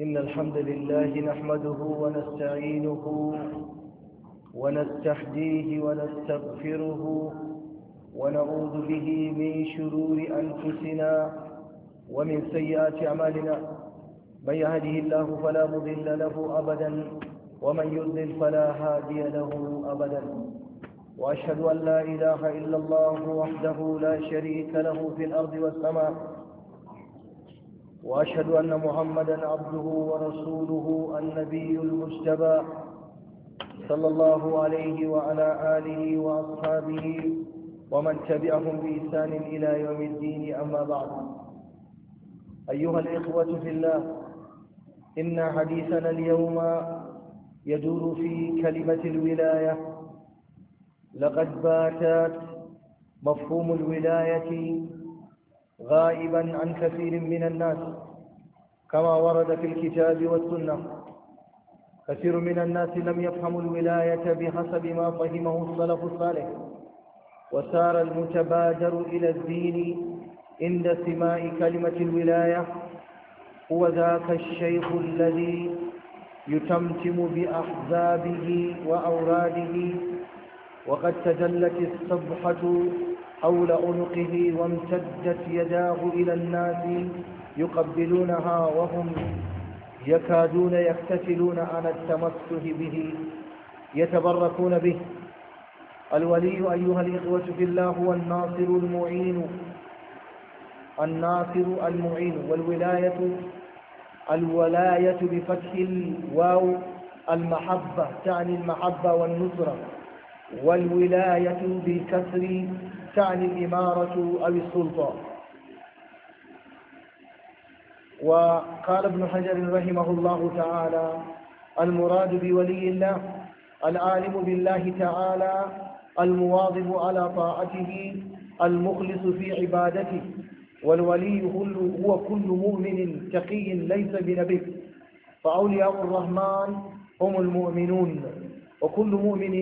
إن الحمد لله نحمده ونستعينه ونستحديه ونستغفره ونعوذ به من شرور أنفسنا ومن سيئات أعمالنا من يهده الله فلا مضل له أبدا ومن يضلل فلا هادي له أبدا وأشهد أن لا إله إلا الله وحده لا شريك له في الأرض والسماء وأشهد أن محمدا عبده ورسوله النبي المجتبى صلى الله عليه وعلى آله وأصحابه ومن تبعهم بإحسان إلى يوم الدين أما بعد أيها الإخوة في الله إن حديثنا اليوم يدور في كلمة الولاية لقد باتت مفهوم الولاية غائبا عن كثير من الناس كما ورد في الكتاب والسنة كثير من الناس لم يفهموا الولاية بحسب ما فهمه السلف الصالح وسار المتبادر إلى الدين عند سماء كلمة الولاية هو ذاك الشيخ الذي يتمتم بأحزابه وأوراده وقد تجلت الصبحة حول عنقه وامتدت يداه إلى الناس يقبلونها وهم يكادون يقتتلون على التمسه به يتبركون به الولي أيها الإخوة في الله هو الناصر المعين الناصر المعين والولاية الولاية بفتح الواو المحبة تعني المحبة والنصرة والولاية بكسر تعني الإمارة أو السلطة وقال ابن حجر رحمه الله تعالى المراد بولي الله العالم بالله تعالى المواظب على طاعته المخلص في عبادته والولي هو كل مؤمن تقي ليس بنبي فأولياء الرحمن هم المؤمنون وكل مؤمن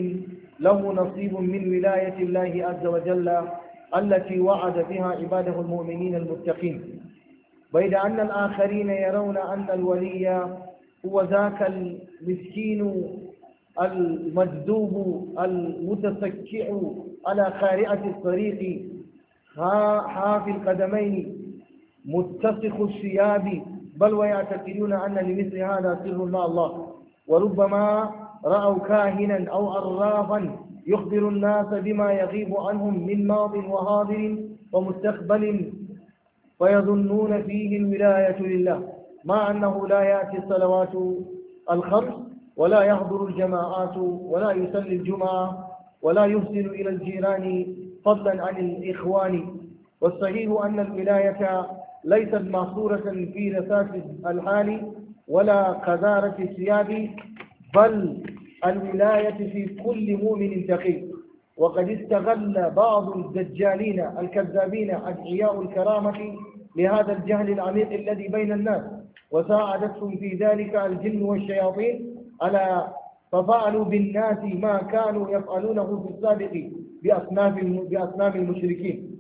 له نصيب من ولاية الله عز وجل التي وعد بها عباده المؤمنين المتقين بيد أن الآخرين يرون أن الولي هو ذاك المسكين المجذوب المتسكع على خارعة الطريق حافي القدمين متسخ الثياب بل ويعتقدون أن لمثل هذا سر مع الله وربما رأوا كاهنا أو أرافا يخبر الناس بما يغيب عنهم من ماض وحاضر ومستقبل فيظنون فيه الولاية لله مع أنه لا يأتي الصلوات الخمس ولا يحضر الجماعات ولا يصلي الجمعة ولا يحسن إلى الجيران فضلا عن الإخوان والصحيح أن الولاية ليست محصورة في رساس الحال ولا قذارة الثياب بل الولاية في كل مؤمن تقي وقد استغل بعض الدجالين الكذابين أدعياء الكرامة لهذا الجهل العميق الذي بين الناس وساعدتهم في ذلك الجن والشياطين على ففعلوا بالناس ما كانوا يفعلونه في السابق بأصناف بأصناف المشركين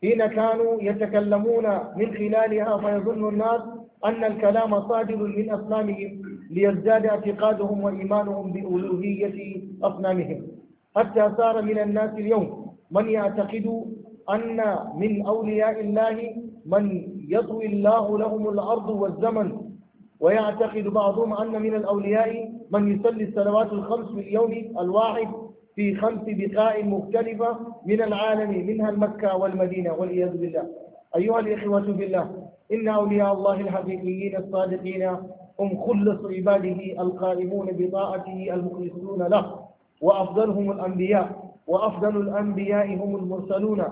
حين كانوا يتكلمون من خلالها فيظن الناس أن الكلام صادر من أصنامهم ليزداد اعتقادهم وإيمانهم بألوهية أصنامهم حتى صار من الناس اليوم من يعتقد أن من أولياء الله من يطوي الله لهم الأرض والزمن ويعتقد بعضهم أن من الأولياء من يصلي الصلوات الخمس في اليوم الواحد في خمس بقاع مختلفة من العالم منها المكة والمدينة والعياذ بالله أيها الإخوة بالله إن أولياء الله الحقيقيين الصادقين هم خلص عباده القائمون بطاعته المخلصون له وأفضلهم الأنبياء وأفضل الأنبياء هم المرسلون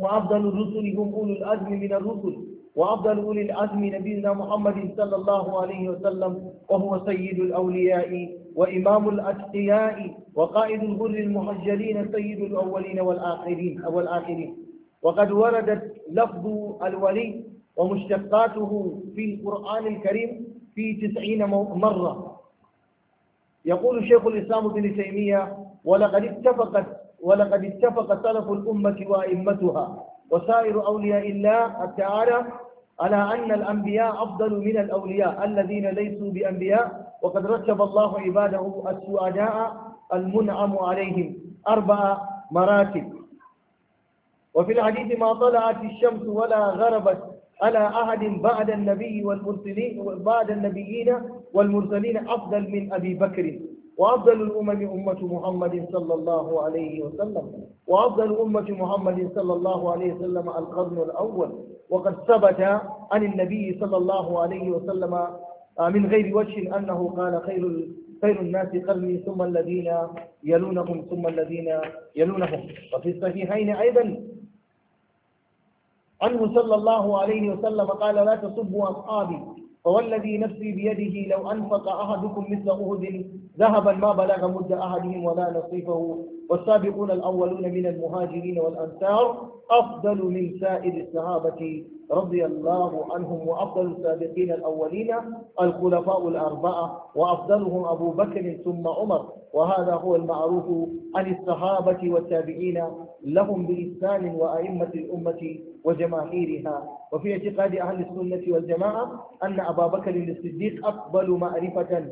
وأفضل الرسل هم أولو الأزم من الرسل وأفضل أولي الأزم نبينا محمد صلى الله عليه وسلم وهو سيد الأولياء وإمام الأتقياء وقائد الغر المحجلين سيد الأولين والآخرين, والآخرين وقد وردت لفظ الولي ومشتقاته في القرآن الكريم في تسعين مرة يقول شيخ الإسلام ابن تيمية ولقد اتفقت ولقد اتفق سلف الأمة وأئمتها وسائر أولياء الله تعالى على أن الأنبياء أفضل من الأولياء الذين ليسوا بأنبياء وقد رتب الله عباده السعداء المنعم عليهم أربع مراتب وفي الحديث ما طلعت الشمس ولا غربت على أحد بعد النبي والمرسلين بعد النبيين والمرسلين أفضل من أبي بكر وأفضل الأمم أمة محمد صلى الله عليه وسلم وأفضل أمة محمد صلى الله عليه وسلم القرن الأول وقد ثبت عن النبي صلى الله عليه وسلم آه، من غير وجه أنه قال خير خير الناس قرني ثم الذين يلونهم ثم الذين يلونهم وفي الصحيحين أيضا عنه صلى الله عليه وسلم قال لا تصبوا أصحابي فوالذي نفسي بيده لو أنفق أحدكم مثل أهد ذهبا ما بلغ مد أحدهم ولا نصيفه والسابقون الأولون من المهاجرين والأنصار أفضل من سائر الصحابة رضي الله عنهم وأفضل السابقين الأولين الخلفاء الأربعة وأفضلهم أبو بكر ثم عمر وهذا هو المعروف عن الصحابة والتابعين لهم بإحسان وأئمة الأمة وجماهيرها وفي اعتقاد أهل السنة والجماعة أن أبا بكر الصديق أقبل معرفة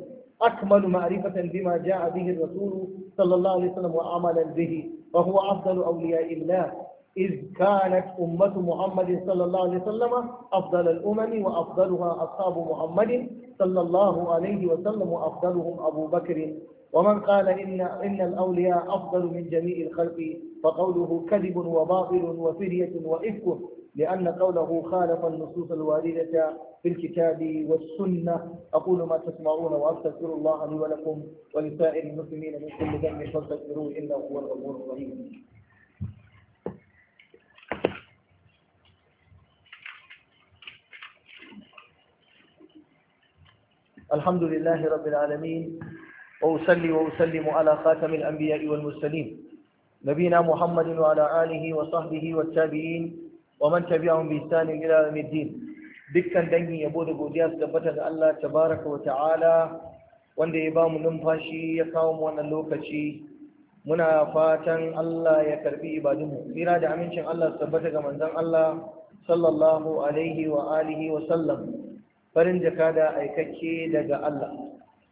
أكمل معرفة بما جاء به الرسول صلى الله عليه وسلم وعملا به وهو أفضل أولياء الله إذ كانت أمة محمد صلى الله عليه وسلم أفضل الأمم وأفضلها أصحاب محمد صلى الله عليه وسلم وأفضلهم أبو بكر ومن قال إن, إن الأولياء أفضل من جميع الخلق فقوله كذب وباطل وفرية وإفك لأن قوله خالف النصوص الواردة في الكتاب والسنة أقول ما تسمعون وأستغفر الله لي ولكم ولسائر المسلمين من كل ذنب فاستغفروه إنه هو الغفور الرحيم الحمد لله رب العالمين وأصلي وأسلم على خاتم الأنبياء والمرسلين نبينا محمد وعلى آله وصحبه والتابعين ومن تبعهم بإحسان إلى يوم الدين dukkan dangi yabo da godiya su tabbata ga Allah tabaraka wa ta'ala wanda ya ba mu numfashi ya kawo mu wannan lokaci muna fatan Allah ya karbi ibadunmu tsira da amincin Allah su tabbata ga manzon Allah sallallahu alaihi wa alihi wa sallam farin jaka da aikakke daga Allah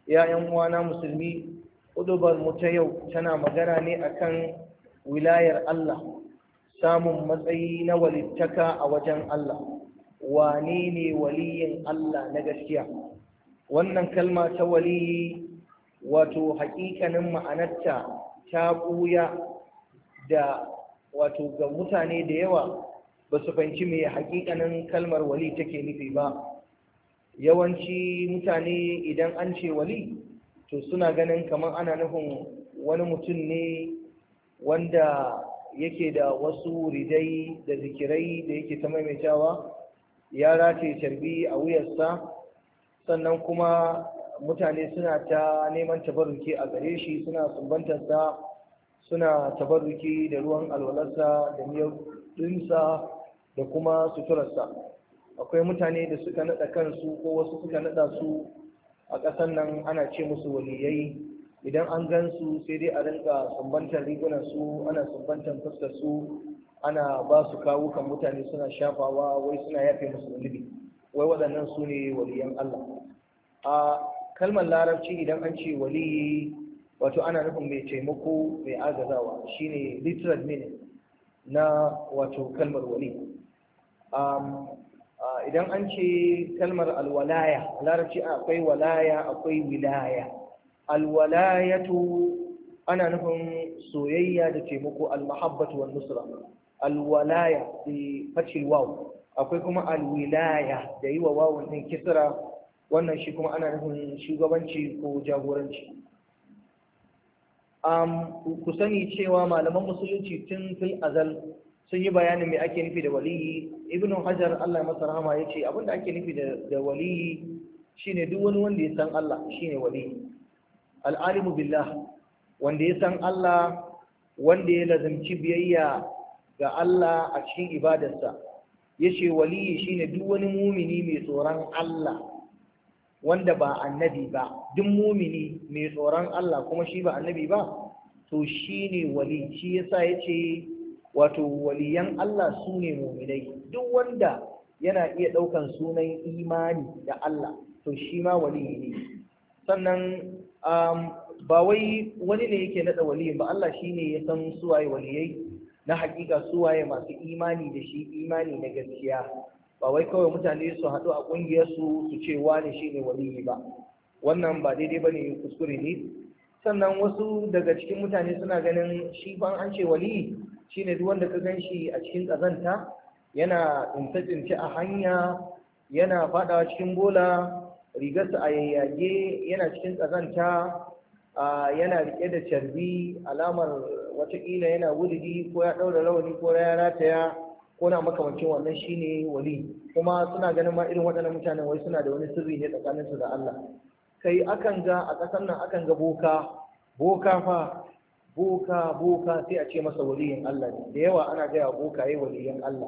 ya yan uwana musulmi udubar mu ta yau tana magana ne akan wilayar Allah samun matsayi na walittaka a wajen Allah wane ne waliyin Allah na gaskiya wannan kalma ta waliyi wato haƙiƙanin ma'anarta ta ɓuya da wato ga mutane da yawa ba su fahimci mai haƙiƙanin kalmar wali take nufi ba yawanci mutane idan an ce wali to suna ganin kamar ana nufin wani mutum ne wanda yake da wasu ridai da zikirai da yake ta maimaitawa ya race tarbi a wuyarsa sannan kuma mutane suna ta neman tabarruki a gare shi suna sumbantarsa suna tabarruki da ruwan alwalarsa da miyar dinsa da kuma suturarsa akwai mutane da suka nada kansu ko wasu suka naɗa su a ƙasar nan ana ce musu waliyai idan an gan sai dai a rinka sumbantar rigunan su ana sumbantar fuskar su ana ba su kan mutane suna shafawa wai suna yafe musu zunubi wai waɗannan su ne waliyan Allah a kalmar larabci idan an ce waliyi wato ana nufin mai taimako mai agazawa shine literal meaning na wato kalmar wali idan an ce kalmar alwalaya larabci akwai walaya akwai wilaya alwalayatu ana nufin soyayya da taimako almahabbatu wan nusra alwalaya bi fatil waw akwai kuma alwilaya da yi wa wawun din kisra wannan shi kuma ana nufin shugabanci ko jagoranci ku sani cewa malaman musulunci tun fil azal sun yi bayanin me ake nufi da waliyi ibnu hajar Allah masa rahama yace abinda ake nufi da waliyi shine duk wani wanda ya san Allah shine waliyi al billah wanda ya san Allah wanda ya lazimci biyayya ga Allah a cikin ibadarsa yace waliyi shine duk wani mumini mai tsoron Allah wanda ba annabi ba duk mumini mai tsoron Allah kuma shi ba annabi ba to shine wali shi yasa yace wato waliyan Allah su ne muminai duk wanda yana iya ɗaukan sunan imani da Allah to shi ma wali ne sannan um, ba wai wani ne yake naɗa waliyin ba Allah shi ne ya san suwaye waliyai na hakika suwaye masu imani da shi imani na gaskiya ba wai kawai mutane su haɗu a ƙungiyarsu su ce wani shi ne waliyi ba wannan ba daidai ba ne kuskure ne sannan wasu daga cikin mutane suna ganin shi ban an ce waliyi shine duk wanda ka gan shi a cikin ƙazanta yana tsince-tsince a hanya yana faɗawa cikin bola rigarsa a yayyage yana cikin ƙazanta yana riƙe da carbi alamar watakila yana wuridi ko ya ɗaura rawani ko ya rataya ko na makamancin wannan shine wali kuma suna ganin ma irin waɗannan mutanen wai suna da wani sirri ne tsakaninsu da Allah kai akan ga a ƙasar nan akan ga boka boka fa boka boka sai a ce masa waliyin Allah ne da yawa ana gaya buka yi waliyin Allah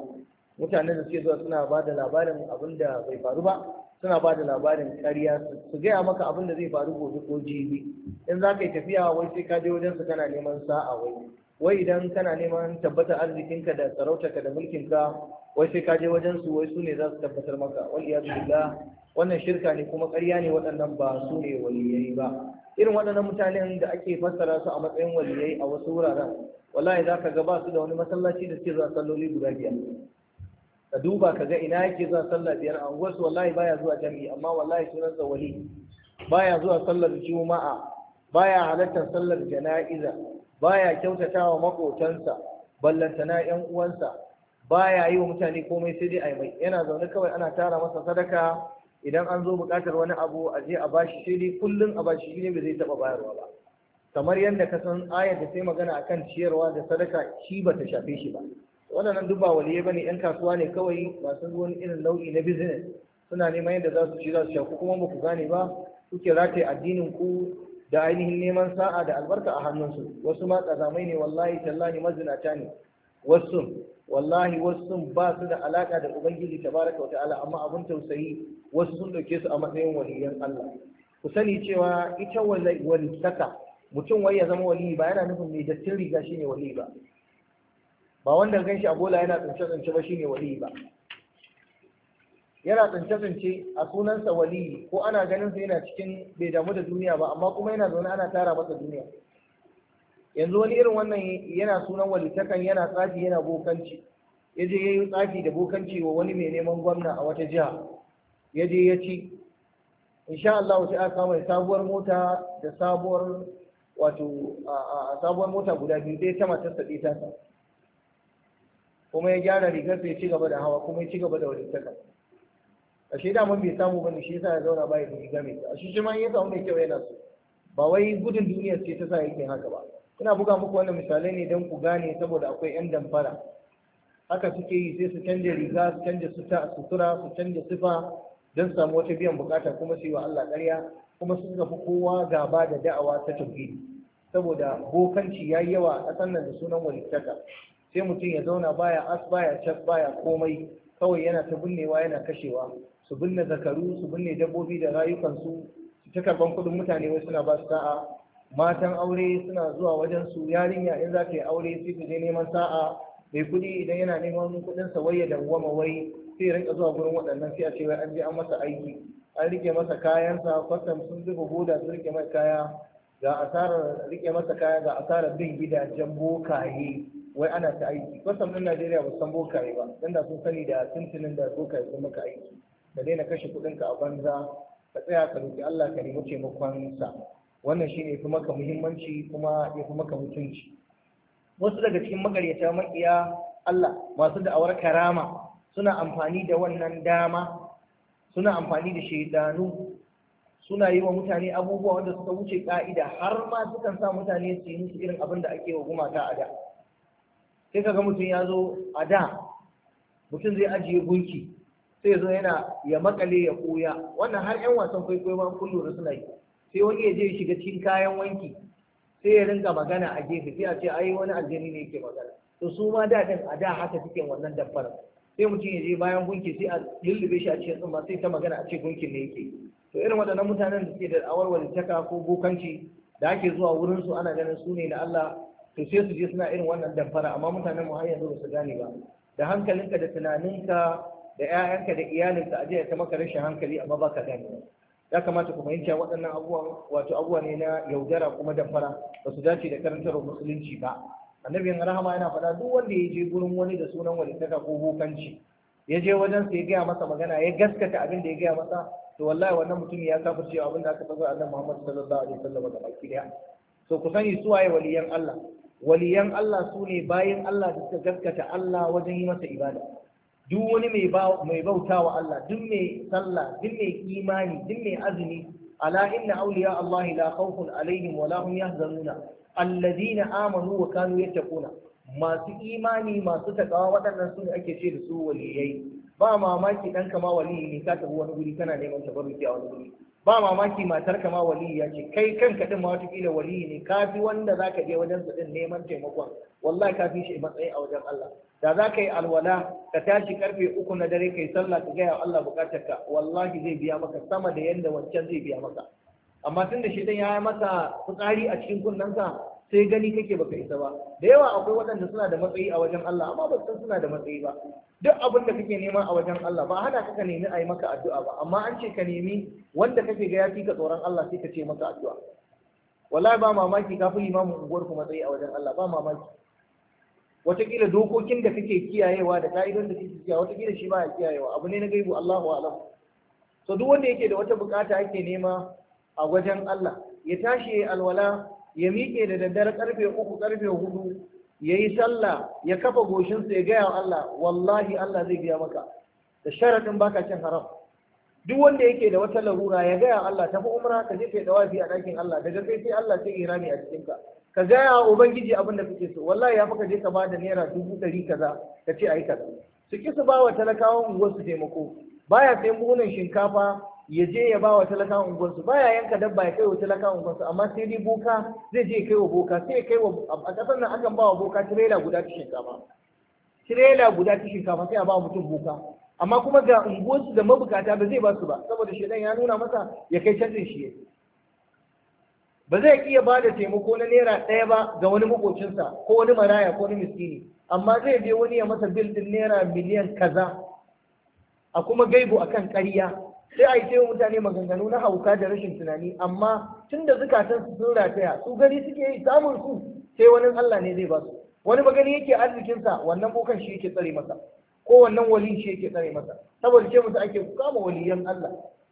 Mutane da suke zuwa suna ba da labarin abin da bai faru ba suna ba da labarin ƙarya su gaya maka abin da zai faru gobe ko jibi in za ka yi tafiya wai sai ka je wajen su kana neman sa'a wai wai idan kana neman tabbatar arzikinka da sarautarka da mulkinka wai sai ka je wajen su wai su ne za su tabbatar maka wal iyadu billah wannan shirka ne kuma ƙarya ne waɗannan ba su ne waliyai ba irin waɗannan mutanen da ake fassara su a matsayin waliyai a wasu wuraren wallahi za ka ga ba su da wani masallaci da suke zuwa salloli guda biyar ka duba ka ga ina yake zuwa sallah biyar a unguwarsu wallahi baya zuwa jami'i amma wallahi sunansa wali baya zuwa sallar juma'a baya halartar sallar jana'iza baya kyautatawa makotansa ballantana yan uwansa baya yi wa mutane komai sai dai a mai yana zaune kawai ana tara masa sadaka idan an zo buƙatar wani abu a je a bashi shi kullum a bashi shiri ba zai taɓa bayarwa ba kamar yadda ka san ayar da sai magana akan ciyarwa da sadaka shi ba ta shafe shi ba waɗannan duk ba bane yan kasuwa ne kawai masu ruwan irin nau'i na business suna neman yadda za su ci za su ku kuma ba ku gane ba kuke rataye addinin ku da ainihin neman sa'a da albarka a hannunsu wasu ma tsazamai ne wallahi tallahi mazinata ne wasu wallahi wasu sun ba su da alaka da ubangiji tabaraka wa ta'ala amma abun tausayi wasu sun dauke su a matsayin waliyan Allah ku sani cewa ita saka mutum wai ya zama wali ba yana nufin mai dattin riga shine wali ba ba wanda gan shi a bola yana tsince tsince ba shine wali ba yana tsince tsince a sunansa wali ko ana ganin sa yana cikin bai damu da duniya ba amma kuma yana zaune ana tara masa duniya yanzu wani irin wannan yana sunan walitakan yana tsafi yana bokanci ya je ya yi tsafi da bokanci wa wani mai neman gwamna a wata jiha ya je ya ci insha Allah sai aka mai sabuwar mota da sabuwar wato a sabuwar mota guda biyu dai ta matarsa ta kuma ya gyara rigar ya ci gaba da hawa kuma ya ci gaba da walittaka a shi daman bai samu bane shi yasa ya zauna ba ya riga mai a shi shi ma ya samu mai kyau yana so ba wai gudun duniyar ce ta sa yake haka ba ina buga muku wannan misalai ne don ku gane saboda akwai 'yan damfara haka suke yi sai su canja riga su canja sutura su canja sifa don samu wata biyan bukata kuma su yi wa Allah ƙarya kuma su suka fi kowa gaba da da'awa ta tauhidi saboda bokanci yayi yawa a sannan da sunan walittaka sai mutum ya zauna baya as baya cak baya komai kawai yana ta binnewa yana kashewa su binne zakaru su binne dabbobi da rayukansu su ta karban kuɗin mutane wai suna ba su sa'a matan aure suna zuwa wajen su yarinya in za ta yi aure sai ta je neman sa'a mai kuɗi idan yana neman kuɗin sa waye da goma wai sai rinka zuwa gurin waɗannan sai a ce wai an je an masa aiki an rike masa kayansa kwastam sun zuba hoda sun rike mai kaya ga asarar rike masa kaya ga asarar bin gidajen bokaye wai ana ta aiki kwastam ɗin najeriya ba san bokaye ba dan da sun sani da tuntunin da bokaye sun maka aiki ka daina kashe kuɗinka a banza ka tsaya ka roƙi allah ka nemi taimakon sa wannan shi ne fi maka muhimmanci kuma ya fi maka mutunci wasu daga cikin makaryata makiya Allah masu da'awar karama suna amfani da wannan dama suna amfani da shaidanu suna yi wa mutane abubuwa wanda suka wuce ka'ida har ma sukan sa mutane su yi musu irin abin da ake wa gumaka a da sai kaga mutum ya zo a da mutum zai ajiye gunki sai zo yana ya makale ya koya wannan har yan wasan kwaikwayo ma kun lura suna yi sai wani ya je shiga cikin kayan wanki sai ya ringa magana a gefe sai a ce ai wani aljani ne yake magana to su ma da a da haka suke wannan dabbar sai mutum ya je bayan gunki sai a lullube shi a cikin tsumma sai ta magana a ce gunkin ne yake to irin waɗannan mutanen da suke da awar taka ko bokanci da ake zuwa wurin su ana ganin su ne na Allah to sai su je suna irin wannan damfara amma mutanen mu har yanzu ba su gane ba da hankalinka da tunaninka da 'ya'yanka da iyalinka a je ta maka rashin hankali amma ba ka gane ya kamata ku fahimci waɗannan abubuwan wato abubuwa ne na yaudara kuma damfara ba su dace da karantar musulunci ba yan rahama yana faɗa duk wanda ya je gurin wani da sunan ta ko hukanci ya je wajen sa ya gaya masa magana ya gaskata abin da ya gaya masa to wallahi wannan mutum ya kafirce abin da aka faɗa annabi Muhammad sallallahu alaihi wasallam da baki daya so ku sani su waye waliyan Allah waliyan Allah sune ne bayan Allah da suka gaskata Allah wajen yi masa ibada duk wani mai bauta wa Allah duk mai sallah duk mai imani duk mai azumi ala inna awliya Allah la khawfun alaihim wa la hum yahzanuna alladhina amanu wa kanu yattaquna masu imani masu takawa waɗannan su ne ake ce da su waliyai ba mamaki dan kama waliyi ne ka tafi wani guri kana neman tabarruki a wani guri ba mamaki matar kama waliyi ya ce kai kanka din ma watakila waliyi ne kafi wanda zaka je wajen su din neman taimakon wallahi fi shi matsayi a wajen Allah da za ka yi alwala ka tashi karfe uku na dare kai sallah ka gaya Allah bukatarka wallahi zai biya maka sama da yadda wancan zai biya maka amma tun da shi ya yi masa fitsari a cikin kunnensa sai gani kake baka isa ba da yawa akwai waɗanda suna da matsayi a wajen Allah amma ba san suna da matsayi ba duk abin da kake nema a wajen Allah ba hana ka nemi a yi maka addu'a ba amma an ce ka nemi wanda kake ga ya ka tsoron Allah sai ka ce maka addu'a wallahi ba mamaki ka fi limamin unguwar ku matsayi a wajen Allah ba mamaki wataƙila dokokin da kake kiyayewa da ka'idon da kake kiyaye wataƙila shi ba ya kiyayewa abu ne na gaibu Allahu a'lam so duk wanda yake da wata bukata yake nema a wajen Allah ya tashi alwala ya miƙe da daddare ƙarfe uku ƙarfe hudu ya yi sallah ya kafa goshinsa ya gaya wa Allah wallahi Allah zai biya maka da sharaɗin baka cin haram duk wanda yake da wata larura ya gaya Allah tafi umra ka je kai dawafi a ɗakin Allah daga kai sai Allah sai ne a cikin ka gaya wa ubangiji abin da kake so wallahi ya ka je ka bada naira dubu ɗari kaza ka ce ayi kaza su ki su ba wa talakawan unguwar su taimako baya sai munin shinkafa ya je ya ba wa talaka unguwarsu ya yanka dabba ya kai wa talaka unguwarsu amma sai dai boka zai je kai wa boka sai kai wa a kasar nan akan ba wa boka tirela guda ta shinkafa tirela guda ta shinkafa sai a ba mutum boka amma kuma ga unguwarsu da mabukata ba zai ba su ba saboda shedan ya nuna masa ya kai canjin shi ba zai iya ba da taimako na naira ɗaya ba ga wani makocinsa ko wani maraya ko wani miskini amma zai je wani ya masa bil ɗin naira miliyan kaza a kuma gaibu akan ƙarya sai a yi ce mutane maganganu na hauka da rashin tunani amma tun da zukatan su sun rataya su gani suke yi samun su sai wani Allah ne zai ba su wani magani yake arzikinsa wannan bokan shi yake tsare masa ko wannan wali shi yake tsare masa saboda ce musu ake ku kama waliyan Allah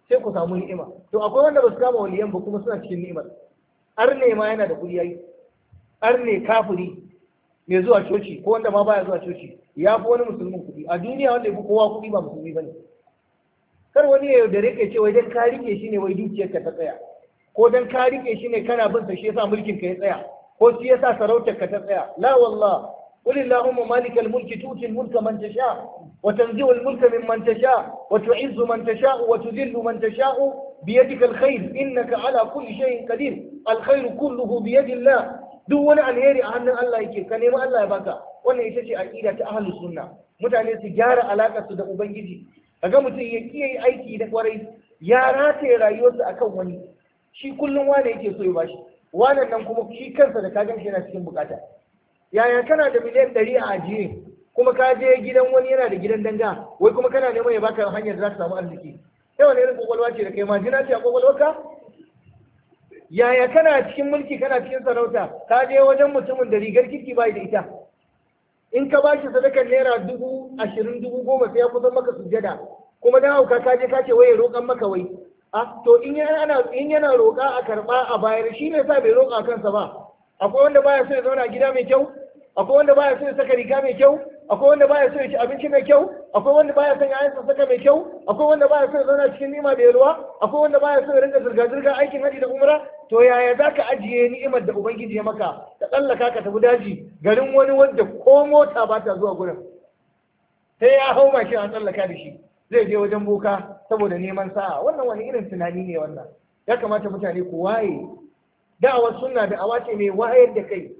sai ku samu ni'ima to akwai wanda ba su kama waliyan ba kuma suna cikin ni'imar arne ma yana da kuɗi yayi arne kafiri mai zuwa coci ko wanda ma baya zuwa coci ya fi wani musulmin kuɗi a duniya wanda ya fi kowa kuɗi ba musulmi bane ne kar wani ya yaudare ka ce wai dan ka rike shi ne wai dukiyarka ta tsaya ko dan ka rike shi ne kana bin sa shi yasa mulkin ka ya tsaya ko shi yasa sarautar ka ta tsaya la wallah قل اللهم مالك الملك تؤتي الملك من تشاء وتنزع الملك ممن تشاء وتعز من تشاء وتذل من تشاء بيدك الخير انك على كل شيء قدير الخير كله بيد الله duk wani alheri a hannun Allah yake ka nemi Allah ya baka wannan ita ce aqida ta ahlus sunna mutane su gyara alaƙar su da ubangiji kaga mutum ya kiyaye aiki da kwarai ya rataye rayuwarsa akan wani shi kullum wane yake so ya bashi wannan nan kuma shi kansa da kagan shi yana cikin bukata yaya kana da miliyan ɗari a ajiye kuma ka je gidan wani yana da gidan danga wai kuma kana neman ya baka hanyar za ka samu arziki sai wani irin kwakwalwa ce da kai ma jina ce a ka? yaya kana cikin mulki kana cikin sarauta ka je wajen mutumin da rigar kirki bai da ita in ka bashi sadakar naira dubu ashirin dubu goma sai ya kusan maka sujada kuma dan hauka ka je ka ce waye roƙan maka wai a to in yana in roƙa a karɓa a bayar shi ne sa bai roƙa kansa ba akwai wanda baya so ya zauna gida mai kyau akwai wanda baya so ya saka riga mai kyau akwai wanda baya so ya ci abinci mai kyau akwai wanda baya son yi sassaka mai kyau akwai wanda baya so ya zauna cikin nima da yalwa akwai wanda baya so ya rinka zirga zirga aikin haji da umra to yaya ka ajiye ni'imar da ubangiji ya maka ka tsallaka ka tafi daji garin wani wanda ko mota ba ta zuwa gurin sai ya hau mashi a tsallaka da shi zai je wajen boka saboda neman sa'a wannan wani irin tunani ne wannan ya kamata mutane ku waye da'awar sunna da'awa ce mai wayar da kai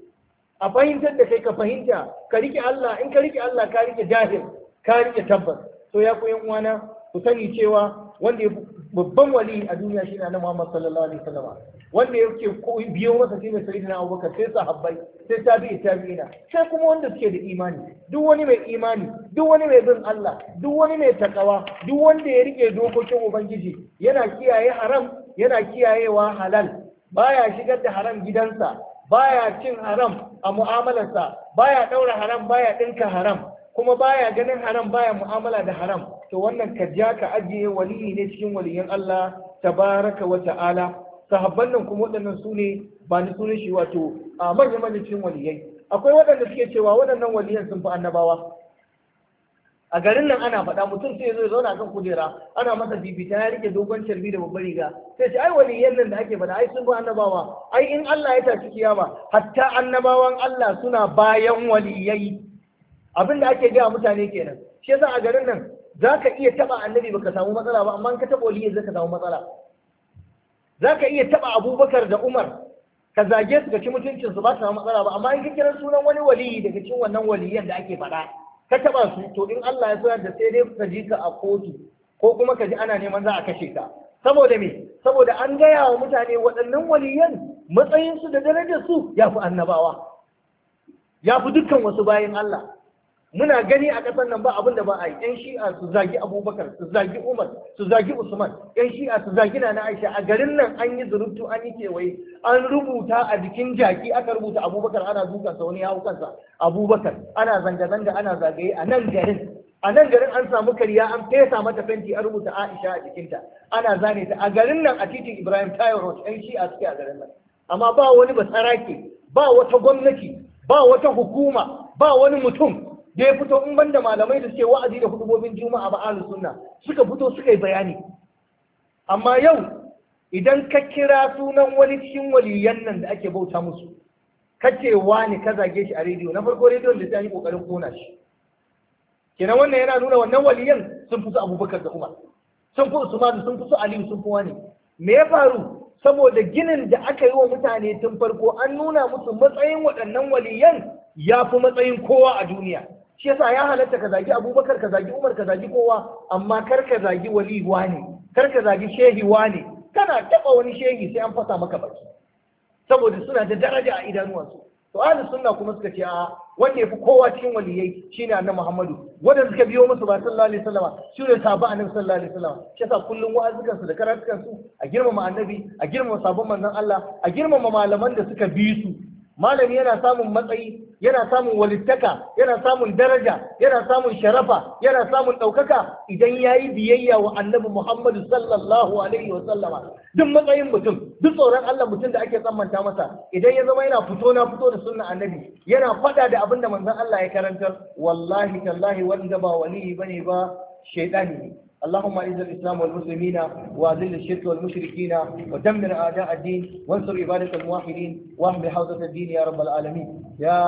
a fahimtar da kai ka fahimta ka rike Allah in ka rike Allah ka rike jahil ka rike tabbas to ya ku uwana ku sani cewa wanda babban wali a duniya shine annabi Muhammad sallallahu alaihi wasallam wanda yake biyo masa shi ne sayyidina Abubakar sai sahabbai sai tabi'i tabi'ina sai kuma wanda suke da imani duk wani mai imani duk wani mai bin Allah duk wani mai takawa duk wanda ya rike dokokin ubangiji yana kiyaye haram yana kiyayewa halal baya shigar da haram gidansa baya cin haram a mu'amalarsa baya ɗaura haram baya ɗinka haram kuma baya ganin haram baya mu'amala da haram to wannan ka ka ajiye waliyi ne cikin waliyan Allah tabaraka wa ta'ala sahabban nan kuma waɗannan su ne ba ni sunan shi wato a manya manyan cikin waliyai akwai waɗanda suke cewa waɗannan waliyan sun fi annabawa a garin nan ana faɗa mutum sai zo zauna kan kujera ana masa bibita ya rike dogon carbi da babbar riga sai ce ai waliyan nan da ake faɗa ai sun bi annabawa ai in Allah ya tashi kiyama hatta annabawan Allah suna bayan waliyai abin da ake gaya mutane kenan shi yasa a garin nan zaka iya taba annabi baka samu matsala ba amma ka taba waliyai zaka samu matsala zaka iya taba Abubakar da Umar ka zage su ka ci mutuncin su ba su samu matsala ba amma in ka kira sunan wani waliyi daga cikin wannan waliyan da ake faɗa ka taba su to in Allah ya sanar da sai dai ka ji ka a kotu ko kuma ka ji ana neman za a kashe ka saboda me saboda an gaya wa mutane waɗannan waliyan matsayinsu da darajar su ya fi annabawa ya fi dukkan wasu bayan Allah muna gani a ƙasar nan ba abin da ba a yi yan shi'a su zagi abubakar su zagi umar su zagi usman yan shi'a su zagi na aisha a garin nan an yi zurutu an yi kewaye an rubuta a jikin jaki aka rubuta abubakar ana duka sa wani kansa abubakar ana zanga-zanga ana zagaye a nan garin a nan garin an samu karya an fesa mata fenti an rubuta aisha a jikinta ana zane ta a garin nan a titin ibrahim tayo road yan shi'a suke a garin nan amma ba wani basarake ba wata gwamnati ba wata hukuma ba wani mutum da ya fito in banda malamai da suke wa'azi da hudubobin juma'a ba ahlus sunna suka fito suka yi bayani amma yau idan ka kira sunan wani cikin waliyan nan da ake bauta musu ce wani ka zage shi a rediyo na farko rediyon da sai yi kokarin kona shi kenan wannan yana nuna wannan waliyan sun fi su Abubakar da Umar sun fi Usman sun fi su Ali sun fi wani me ya faru saboda ginin da aka yi wa mutane tun farko an nuna musu matsayin waɗannan waliyan ya fi matsayin kowa a duniya shi yasa ya halatta ka zagi abubakar ka zagi umar ka zagi kowa amma kar ka zagi wali wane kar ka zagi shehi wane kana taba wani shehi sai an fasa maka baki saboda suna da daraja a idanuwansu to ahli sunna kuma suka ce a wanda yafi kowa cikin waliyai shine annabi Muhammadu wanda suka biyo musu ba sallallahu alaihi wasallam shi ne annabi sallallahu alaihi wasallam shi yasa kullum wa'azukan su da karatukan su a girmama annabi a girmama sabon manzon Allah a girmama malaman da suka bi su malami yana samun matsayi yana samun walittaka yana samun daraja yana samun sharafa yana samun ɗaukaka idan ya yi biyayya wa annabi muhammadu sallallahu alaihi wa sallama duk matsayin mutum duk tsoron allah mutum da ake tsammanta masa idan ya zama yana fito na fito da sunna annabi yana faɗa da abin da manzon allah ya karantar wallahi tallahi wanda ba waliyi bane ba shaidani ne اللهم اعز الاسلام والمسلمين واذل الشرك والمشركين ودمر اعداء الدين وانصر عبادك الموحدين واحمل حوزه الدين يا رب العالمين يا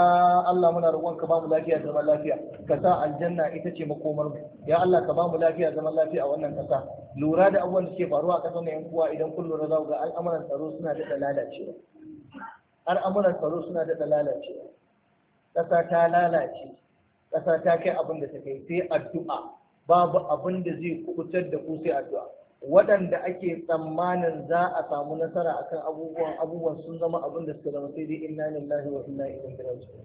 الله muna roƙon ka bamu lafiya zaman lafiya ka aljanna ita ce makomar ya Allah ka bamu lafiya zaman lafiya a wannan kasa. lura da abubuwan da ke faruwa a ƙasar na yan uwa idan kun lura za ga al'amuran tsaro suna da lalacewa lalacewa ƙasa ta lalace ƙasa ta kai abin da ta kai sai addu'a babu abin da zai kubutar da ku sai addu'a waɗanda ake tsammanin za a samu nasara akan abubuwan abubuwan sun zama abin da suka zama sai dai inna lillahi wa inna ilaihi raji'un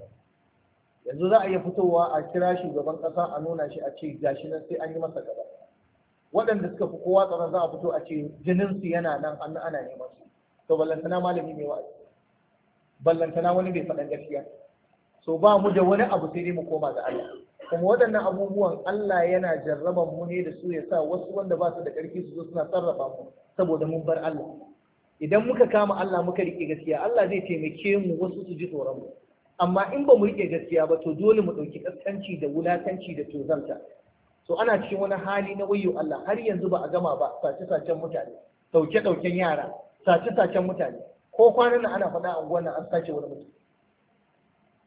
yanzu za a iya fitowa a kira shugaban ƙasa a nuna shi a ce gashi nan sai an yi masa gaba waɗanda suka fi kowa tsaron za a fito a ce jinin su yana nan an ana neman su to ballantana malami mai wa'azi ballantana wani bai faɗan gaskiya so ba mu da wani abu sai dai mu koma ga Allah kuma waɗannan abubuwan Allah yana jarraban mu ne da su ya sa wasu wanda ba su da ƙarfi su zo suna sarrafa mu saboda mun bar Allah idan muka kama Allah muka rike gaskiya Allah zai taimake mu wasu su ji tsoron mu amma in ba mu rike gaskiya ba to dole mu ɗauki kaskanci da wulatanci da tozanta to ana cikin wani hali na wayo Allah har yanzu ba a gama ba sace sacen mutane dauke dauken yara sace sacen mutane ko kwanan nan ana faɗa a unguwar an sace wani mutum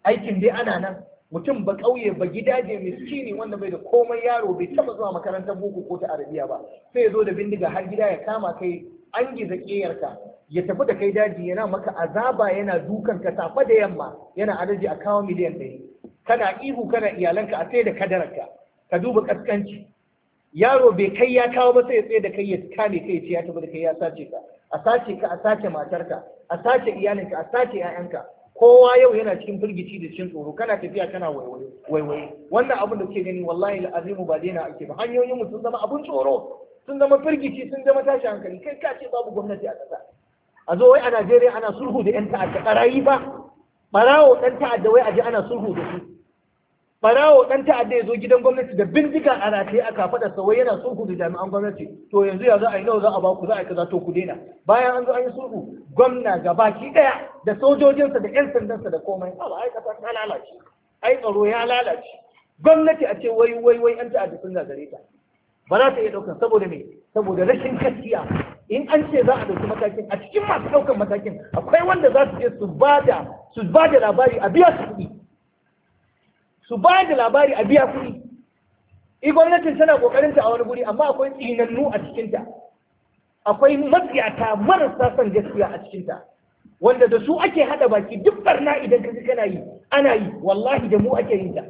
aikin dai ana nan mutum ba ƙauye ba gidaje miskini wanda bai da komai yaro bai taba zuwa makarantar boko ko ta arabiya ba sai ya zo da bindiga har gida ya kama kai an giza ƙeyarka ya tafi da kai daji yana maka azaba yana dukan ka safa da yamma yana adaji a kawo miliyan ɗari kana ihu kana iyalanka a tsaye da kadararka ka duba kaskanci yaro bai kai ya kawo ba sai ya tsaye da kai ya kame kai ya tafi da kai ya sace ka a sace ka a sace matarka a sace iyalinka a sace 'ya'yanka kowa yau yana cikin firgici da cikin tsoro kana tafiya kana waiwaye wannan abin da kuke gani wallahi la'azimu ba daina ake ba hanyoyin mu sun zama abin tsoro sun zama firgici sun zama tashi hankali kai ka ce babu gwamnati a ƙasa a zo wai a Najeriya ana sulhu da yan ta'adda barayi ba barawo dan ta'adda wai a je ana sulhu da su barawo dan ta'adda ya zo gidan gwamnati da bindiga a rataye a kafaɗa wai yana sulhu da jami'an gwamnati to yanzu ya za a yi nawa za a baku za a yi kaza to ku daina bayan an zo an yi sulhu gwamna ga baki ɗaya da sojojinsa da yan sandansa da komai ba ai kasa ta lalace ai tsaro ya lalace gwamnati a ce wai wai wai ɗan ta'adda sun gagare ta ba za ta iya ɗaukan saboda me saboda rashin gaskiya in an ce za a ɗauki matakin a cikin masu ɗaukan matakin akwai wanda za su je su ba da labari a biya su kuɗi su ba da labari a biya kuɗi i gwamnatin tana kokarin ta a wani guri amma akwai tsinannu a cikinta akwai matsiyata marasa son gaskiya a cikinta wanda da su ake haɗa baki duk barna idan kaji kana yi ana yi wallahi da mu ake yin ta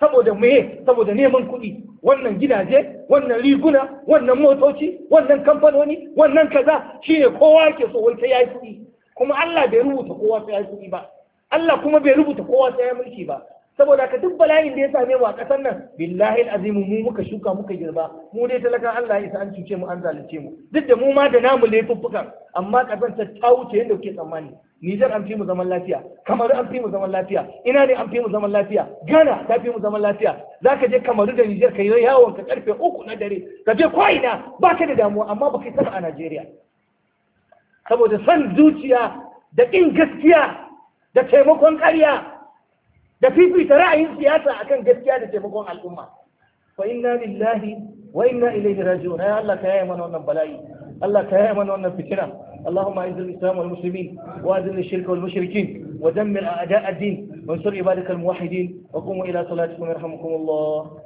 saboda meye saboda neman kuɗi wannan gidaje wannan riguna wannan motoci wannan kamfanoni wannan kaza shine kowa ke so wai yi kuɗi kuma Allah bai rubuta kowa sai yi kuɗi ba Allah kuma bai rubuta kowa sai ya mulki ba saboda ka duk bala'in da ya same mu a ƙasar nan billahi alazim mu muka shuka muka girba mu dai talaka Allah ya isa an cuce mu an zalunce mu duk da mu ma da namu laifuffukan amma ƙasar ta tauce wuce yadda kuke tsammani Nijar an fi mu zaman lafiya, Kamaru an fi mu zaman lafiya, ina ne an fi mu zaman lafiya, Ghana ta fi mu zaman lafiya. Za ka je Kamaru da Nijar ka yi yawon ka karfe uku na dare, ka je ko'ina ba ka da damuwa amma ba ka yi a Najeriya. Saboda son zuciya da ƙin gaskiya da taimakon ƙarya da fifita ra'ayin siyasa akan gaskiya da taimakon al'umma fa inna lillahi wa inna ilaihi raji'un ya Allah ka yaya mana wannan bala'i Allah ka yaya mana wannan fitina اللهم اعز الاسلام والمسلمين واذل الشرك والمشركين ودمر اعداء الدين وانصر عبادك الموحدين وقوموا الى صلاتكم يرحمكم الله